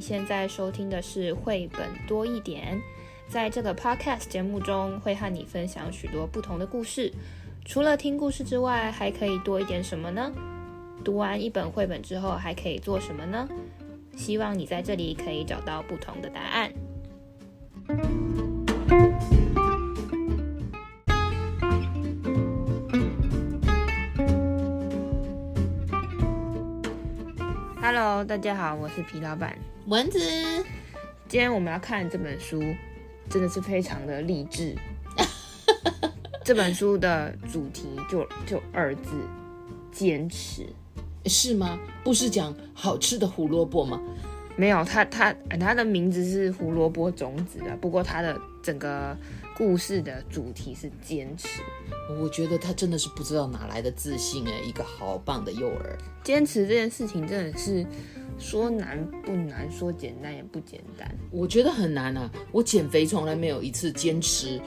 現在收聽的是繪本多一點，在這個 podcast 節目中會和你分享許多不同的故事。除了聽故事之外，還可以多一點什麼呢？讀完一本繪本之後，還可以做什麼呢？希望你在這裡可以找到不同的答案。Hello，大家好，我是皮老闆。蚊子，今天我們要看這本書，真的是非常的勵志。 這本書的主題就就二字，堅持。是嗎？不是講好吃的胡蘿蔔嗎？沒有，它它它的名字是胡蘿蔔種子啊。不過它的整個故事的主題是堅持。我覺得他真的是不知道哪來的自信誒、欸。一個好棒的幼兒。堅持這件事情真的是。說難不難，說簡單也不簡單。我覺得很難啊！我減肥從來沒有一次堅持、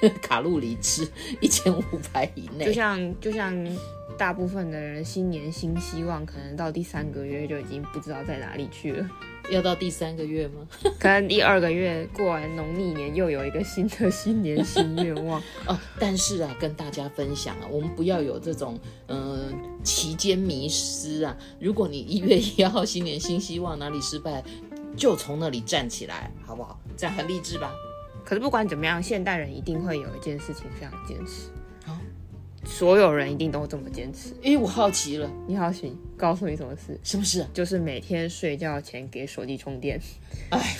嗯、 卡路里吃一千五百以內。就像就像大部分的人新年新希望，可能到第三個月就已經不知道在哪裡去了。要到第三個月嗎？剛 剛第二個月過完農曆年，又有一個新的新年新願望哦、 啊。但是啊，跟大家分享啊，我們不要有這種嗯、呃、期間迷失啊。如果你一月一號新年新希望哪裡失敗，就從那裡站起來，好不好？這樣很勵志吧。可是不管怎麼樣，現代人一定會有一件事情非常堅持。所有人一定都這麼堅持？哎，我好奇了。你好奇，奇告訴你什麼事？是不是、啊？就是每天睡覺前給手機充電。哎，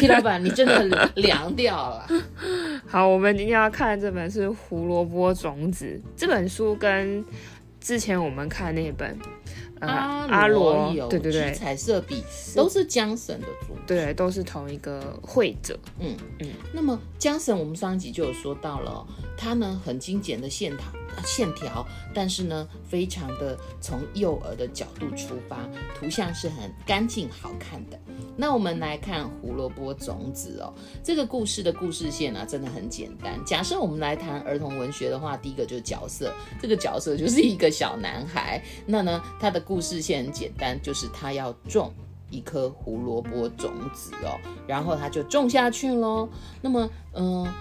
皮老板，你真的很涼 掉了。好，我們今天要看的這本是《胡蘿蔔種子》這本書，跟之前我們看的那本。阿阿羅有對對對，彩色筆都是強生的主，對，都是同一個繪者。嗯嗯，那麼強生我們上一集就有說到了，他呢，很精簡的線條。線條，但是呢，非常的從幼兒的角度出發，圖像是很乾淨好看的。那我們來看胡蘿蔔種子哦，這個故事的故事線啊，真的很簡單。假設我們來談兒童文學的話，第一個就是角色，這個角色就是一個小男孩。那呢，他的故事線很簡單，就是他要種一顆胡蘿蔔種子哦，然後他就種下去嘍。那麼，嗯、呃。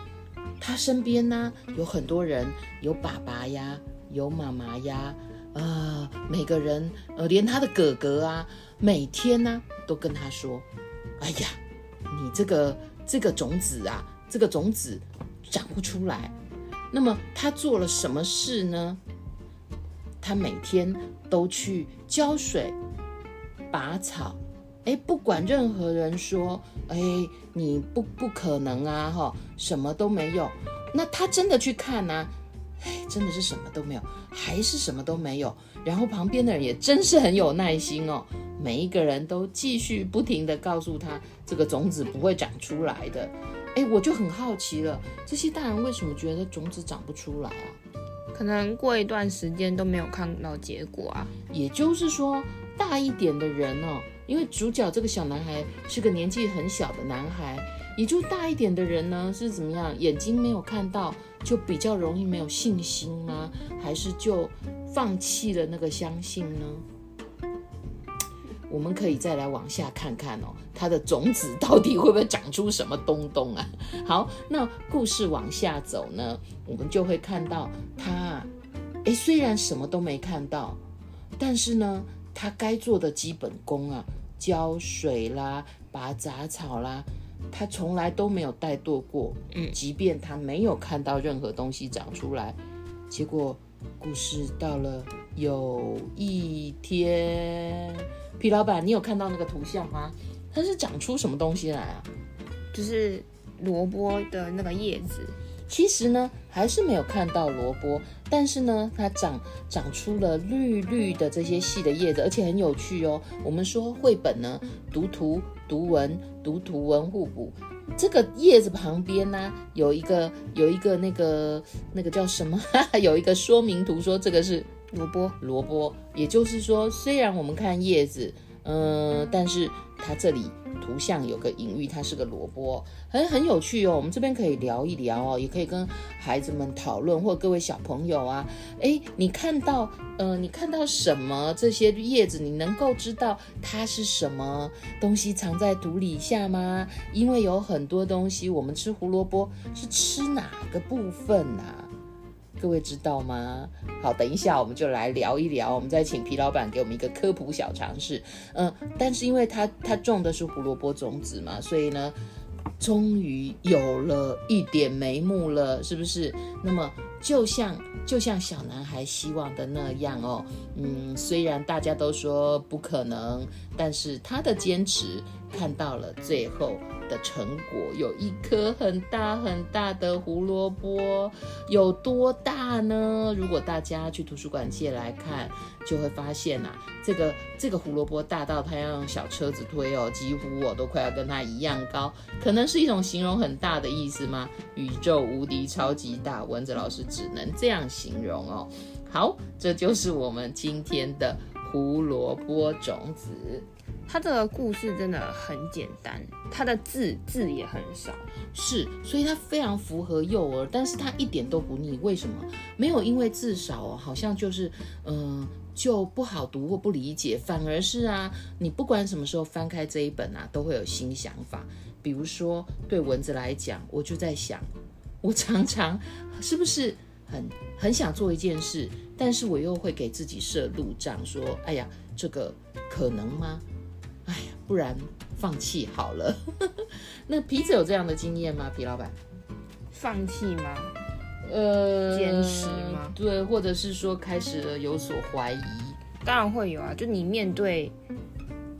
他身邊呢、啊、有很多人，有爸爸呀，有媽媽呀，啊、呃，每個人，呃，連他的哥哥啊，每天呢、啊、都跟他說：“哎呀，你這個這個種子啊，這個種子長不出來。”那麼他做了什麼事呢？他每天都去澆水、拔草，哎，不管任何人說，哎。你不不可能啊，哈，什麼都沒有。那他真的去看啊？唉，真的是什麼都沒有，還是什麼都沒有。然後旁邊的人也真是很有耐心哦，每一個人都繼續不停地告訴他，這個種子不會長出來的。哎，我就很好奇了，這些大人為什麼覺得種子長不出來啊？可能過一段時間都沒有看到結果啊。也就是說，大一點的人哦。因為主角這個小男孩是個年紀很小的男孩，也就大一點的人呢，是怎麼樣？眼睛沒有看到，就比較容易沒有信心嗎？還是就放棄了那個相信呢？我們可以再來往下看看哦，他的種子到底會不會長出什麼東東啊？好，那故事往下走呢，我們就會看到他，誒，雖然什麼都沒看到，但是呢。他該做的基本功啊，澆水啦，拔雜草啦，他從來都沒有怠惰過。嗯，即便他沒有看到任何東西長出來，結果故事到了有一天， 皮老闆，你有看到那個圖像嗎？它是長出什麼東西來啊？就是蘿蔔的那個葉子。其實呢，還是沒有看到蘿蔔，但是呢，它長長出了綠綠的這些細的葉子，而且很有趣哦。我們說繪本呢，讀圖、讀文、讀圖文互補。這個葉子旁邊呢、啊，有一個有一個那個那個叫什麼？ 有一個說明圖說這個是蘿蔔，蘿蔔。也就是說，雖然我們看葉子。嗯，但是它這裡圖像有個隱喻，它是個蘿蔔，很很有趣哦。我們這邊可以聊一聊哦，也可以跟孩子們討論，或者各位小朋友啊，哎，你看到，呃，你看到什麼？這些葉子，你能夠知道它是什麼東西藏在土裡下嗎？因為有很多東西，我們吃胡蘿蔔是吃哪個部分啊？各位知道嗎？好，等一下我們就來聊一聊，我們再請皮老板給我們一個科普小常識。嗯，但是因為他他種的是胡蘿蔔種子嘛，所以呢，終於有了一點眉目了，是不是？那麼就像就像小男孩希望的那樣哦，嗯，雖然大家都說不可能，但是他的堅持。看到了最後的成果，有一顆很大很大的胡蘿蔔，有多大呢？如果大家去圖書館借來看，就會發現吶、啊，這個這個胡蘿蔔大到它要用小車子推哦，幾乎哦都快要跟它一樣高，可能是一種形容很大的意思嗎？宇宙無敵超級大，蚊子老師只能這樣形容哦。好，這就是我們今天的胡蘿蔔種子。它的故事真的很簡單，它的字字也很少，是，所以它非常符合幼兒，但是它一點都不膩。為什麼？沒有，因為字少，好像就是，嗯，就不好讀或不理解，反而是啊，你不管什麼時候翻開這一本啊，都會有新想法。比如說對蚊子來講，我就在想，我常常是不是很很想做一件事，但是我又會給自己設路障，說，哎呀，這個可能嗎？哎呀，不然放棄好了。 那皮子有這樣的經驗嗎？皮老板，放棄嗎？呃，堅持嗎？對，或者是說開始有所懷疑，當然會有啊。就你面對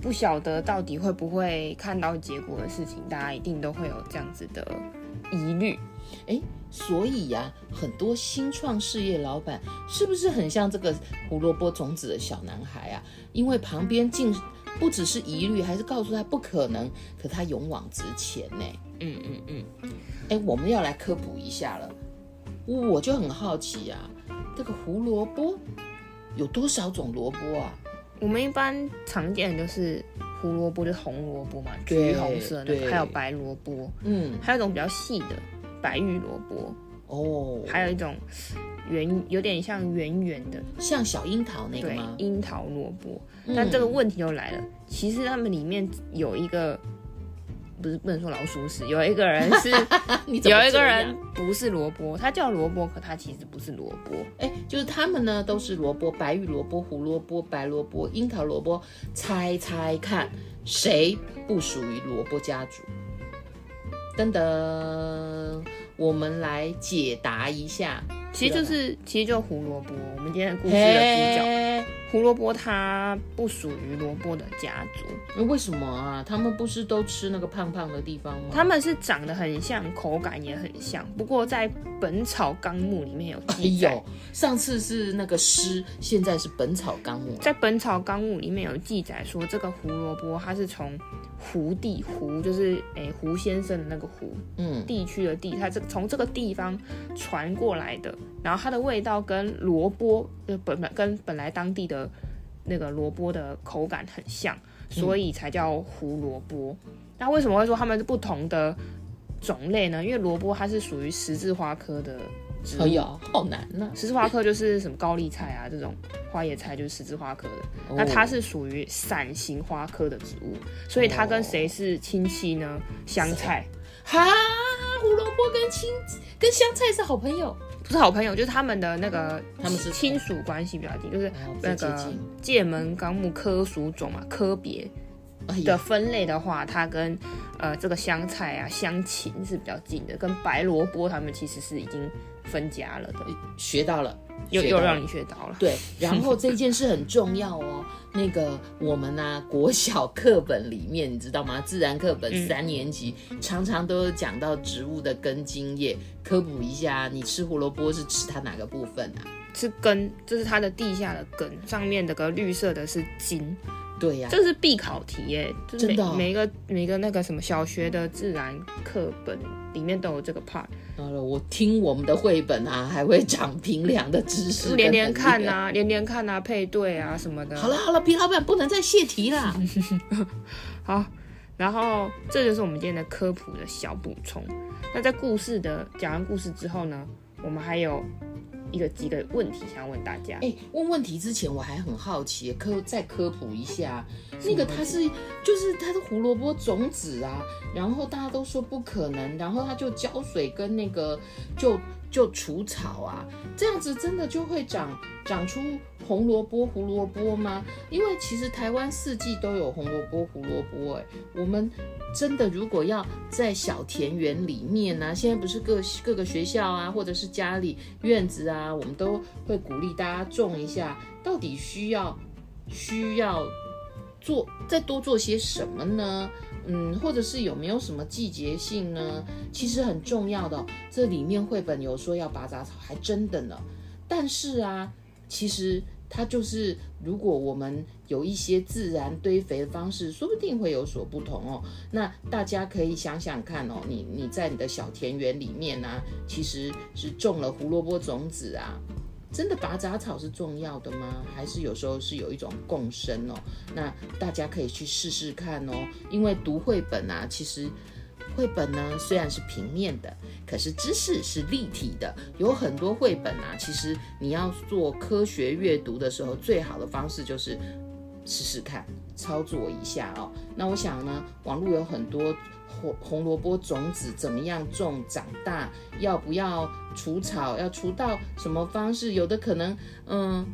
不曉得到底會不會看到結果的事情，大家一定都會有這樣子的疑慮。誒所以呀，很多新創事業老闆是不是很像這個胡蘿蔔種子的小男孩啊？因為旁邊盡不只是疑慮，還是告訴他不可能，可他勇往直前呢。嗯嗯嗯。哎，我們要來科普一下了。我就很好奇呀，這個胡蘿蔔有多少種蘿蔔啊？我們一般常見的就是胡蘿蔔，就是紅蘿蔔嘛，橘紅色的那個，對，還有白蘿蔔，嗯，還有一種比較細的。白玉蘿蔔哦，Oh. 還有一種圓，有點像圓圓的，像小櫻桃那個嗎？櫻桃蘿蔔。嗯。但這個問題又來了，其實他們裡面有一個不是不能說老鼠屎，有一個人是 有一個人不是蘿蔔，他叫蘿蔔，可他其實不是蘿蔔。欸，就是他們呢都是蘿蔔：白玉蘿蔔、胡蘿蔔、白蘿蔔、櫻桃蘿蔔。猜猜看，誰不屬於蘿蔔家族？噔噔。我們來解答一下，其實就是，是其實就胡蘿蔔，我們今天的故事的主角。Hey. 胡蘿蔔它不屬於蘿蔔的家族，那為什麼啊？他們不是都吃那個胖胖的地方嗎？他們是長得很像，口感也很像。不過在《本草綱目》裡面有記載。有、哎呦、上次是那個詩，現在是《本草綱目》。在《本草綱目》裡面有記載說，這個胡蘿蔔它是從胡地胡，胡就是哎胡、欸、先生的那個胡，嗯地區的地，它這從這個地方傳過來的。然後它的味道跟蘿蔔呃本本跟本來當地的。那個蘿蔔的口感很像，所以才叫胡蘿蔔，嗯。那為什麼會說他們是不同的種類呢？因為蘿蔔它是屬於十字花科的植物，哎、哦、呀，好難呢！十字花科就是什麼高麗菜啊， 這種花椰菜就是十字花科的。哦，那它是屬於傘形花科的植物，所以它跟誰是親戚呢，哦？香菜。哈，胡蘿蔔跟青跟香菜是好朋友。不是好朋友，就是他們的那個他們是親屬關係比較近，就是那個木、啊界門綱目科屬種嘛，科別的分類的話，哎、它跟呃這個香菜啊、香芹是比較近的，跟白蘿蔔他們其實是已經分家了的，學到了。又又讓你學到了，對，然後這件事很重要哦。 那個我們呢、啊，國小課本裡面，你知道嗎？自然課本三年級、嗯、常常都有講到植物的根、莖、葉。科普一下，你吃胡蘿蔔是吃它哪個部分啊？是根，就是它的地下的根，上面這個綠色的是莖。對呀、啊，這是必考題耶，啊、就是每、哦、每一個每一個那個什麼小學的自然課本裡面都有這個 part、啊。我聽我們的繪本啊，還會講平涼的知識， 連連看啊，連連看啊，配對啊、嗯、什麼的、啊。好了好了，皮老闆不能再洩題了。 好，然後這就是我們今天的科普的小補充。那在故事的講完故事之後呢，我們還有。一個幾個問題想問大家，哎、欸，問問題之前我還很好奇，科再科普一下，那個它是就是它是胡蘿蔔種子啊，然後大家都說不可能，然後他就澆水跟那個就。就除草啊，這樣子真的就會長長出紅蘿蔔、胡蘿蔔嗎？因為其實台灣四季都有紅蘿蔔、胡蘿蔔哎。我們真的如果要在小田園裡面啊，現在不是各各個學校啊，或者是家裡院子啊，我們都會鼓勵大家種一下。到底需要需要做再多做些什麼呢？嗯，或者是有沒有什麼季節性呢？其實很重要的，這裡面繪本有說要拔雜草，還真的呢。但是啊，其實它就是，如果我們有一些自然堆肥的方式，說不定會有所不同哦。那大家可以想想看哦，你你在你的小田園裡面啊，其實是種了胡蘿蔔種子啊。真的拔雜草是重要的嗎？還是有時候是有一種共生哦？那大家可以去試試看哦。因為讀繪本啊，其實繪本呢雖然是平面的，可是知識是立體的。有很多繪本啊，其實你要做科學閱讀的時候，最好的方式就是。試試看，操作一下哦。那我想呢，網路有很多紅紅蘿蔔種子，怎麼樣種、長大，要不要除草？要除到什麼方式？有的可能，嗯，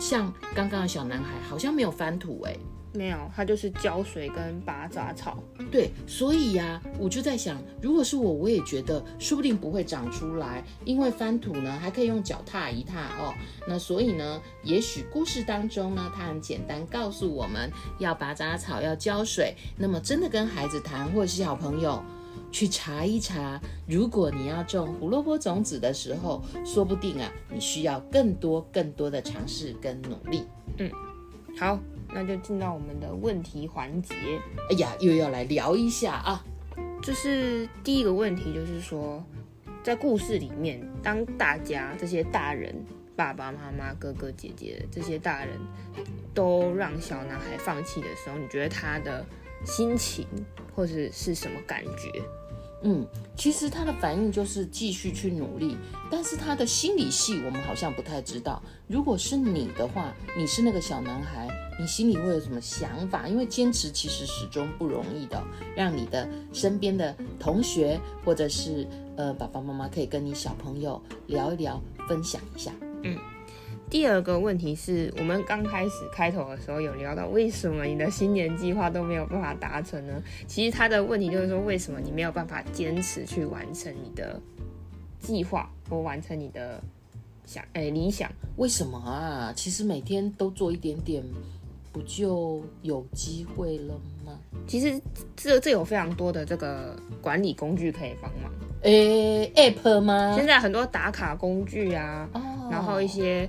像剛剛的小男孩，好像沒有翻土哎、欸。沒有，它就是澆水跟拔雜草。對，所以呀，我就在想，如果是我，我也覺得說不定不會長出來，因為翻土呢還可以用腳踏一踏哦。那所以呢，也許故事當中呢，它很簡單告訴我們要拔雜草、要澆水。那麼真的跟孩子談，或者是小朋友去查一查，如果你要種胡蘿蔔種子的時候，說不定啊，你需要更多更多的嘗試跟努力。嗯，好。那就進到我們的問題環節。哎呀，又要來聊一下啊！就是第一個問題，就是說，在故事裡面，當大家這些大人、爸爸媽媽、哥哥姐姐的這些大人都讓小男孩放棄的時候，你覺得他的心情或是是什麼感覺？嗯，其實他的反應就是繼續去努力，但是他的心理戲我們好像不太知道。如果是你的話，你是那個小男孩，你心裡會有什麼想法？因為堅持其實始終不容易的哦。讓你的身邊的同學或者是呃爸爸媽媽，可以跟你小朋友聊一聊，分享一下。嗯。第二個問題是我們剛開始開頭的時候有聊到，為什麼你的新年計劃都沒有辦法達成呢？其實他的問題就是說，為什麼你沒有辦法堅持去完成你的計劃或完成你的想、欸、理想？為什麼啊？其實每天都做一點點，不就有機會了嗎？其實這這有非常多的這個管理工具可以幫忙，誒、欸，app 嗎？現在很多打卡工具啊，oh. 然後一些。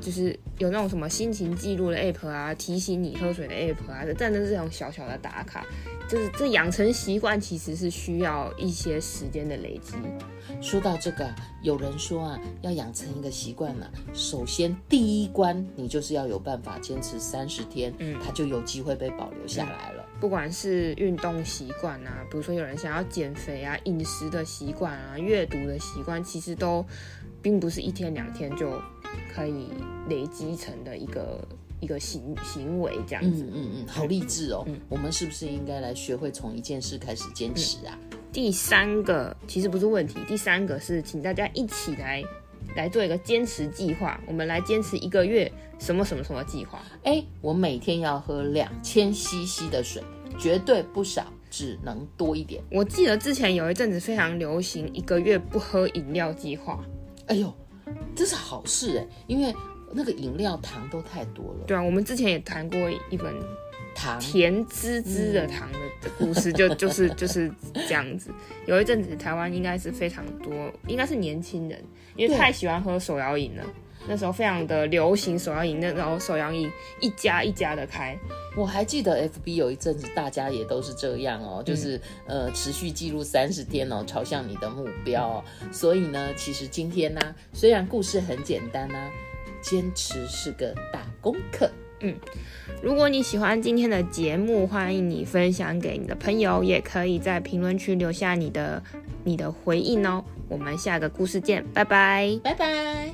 就是有那種什麼心情記錄的 app 啊，提醒你喝水的 app 啊，這站在這種小小的打卡，就是這養成習慣其實是需要一些時間的累積。說到這個，有人說啊，要養成一個習慣呢、啊，首先第一關你就是要有辦法堅持三十天，嗯，它就有機會被保留下來了。不管是運動習慣啊，比如說有人想要減肥啊，飲食的習慣啊，閱讀的習慣，其實都並不是一天兩天就。可以累積成的一個一個行行為，這樣子。嗯嗯嗯，好勵志哦。嗯。我們是不是應該來學會從一件事開始堅持啊？嗯，第三個其實不是問題，第三個是請大家一起來來做一個堅持計劃。我們來堅持一個月什麼什麼什麼計劃？誒，我每天要喝兩千 CC 的水，絕對不少，只能多一點。我記得之前有一陣子非常流行一個月不喝飲料計劃。哎呦。這是好事哎、欸，因為那個飲料糖都太多了。對啊，我們之前也談過一本，糖甜滋滋的糖的，糖的故事，嗯、就就是就是這樣子。 有一陣子台灣應該是非常多，應該是年輕人因為太喜歡喝手搖飲了。那時候非常的流行手搖飲，那時候手搖飲一家一家的開。我還記得 FB 有一陣子大家也都是這樣哦、喔嗯，就是呃持續記錄三十天哦、喔，朝向你的目標、喔嗯。所以呢，其實今天呢、啊，雖然故事很簡單呢、啊，堅持是個大功課。嗯，如果你喜歡今天的節目，歡迎你分享給你的朋友，也可以在評論區留下你的你的回應哦、喔。我們下個故事見，拜拜，拜拜。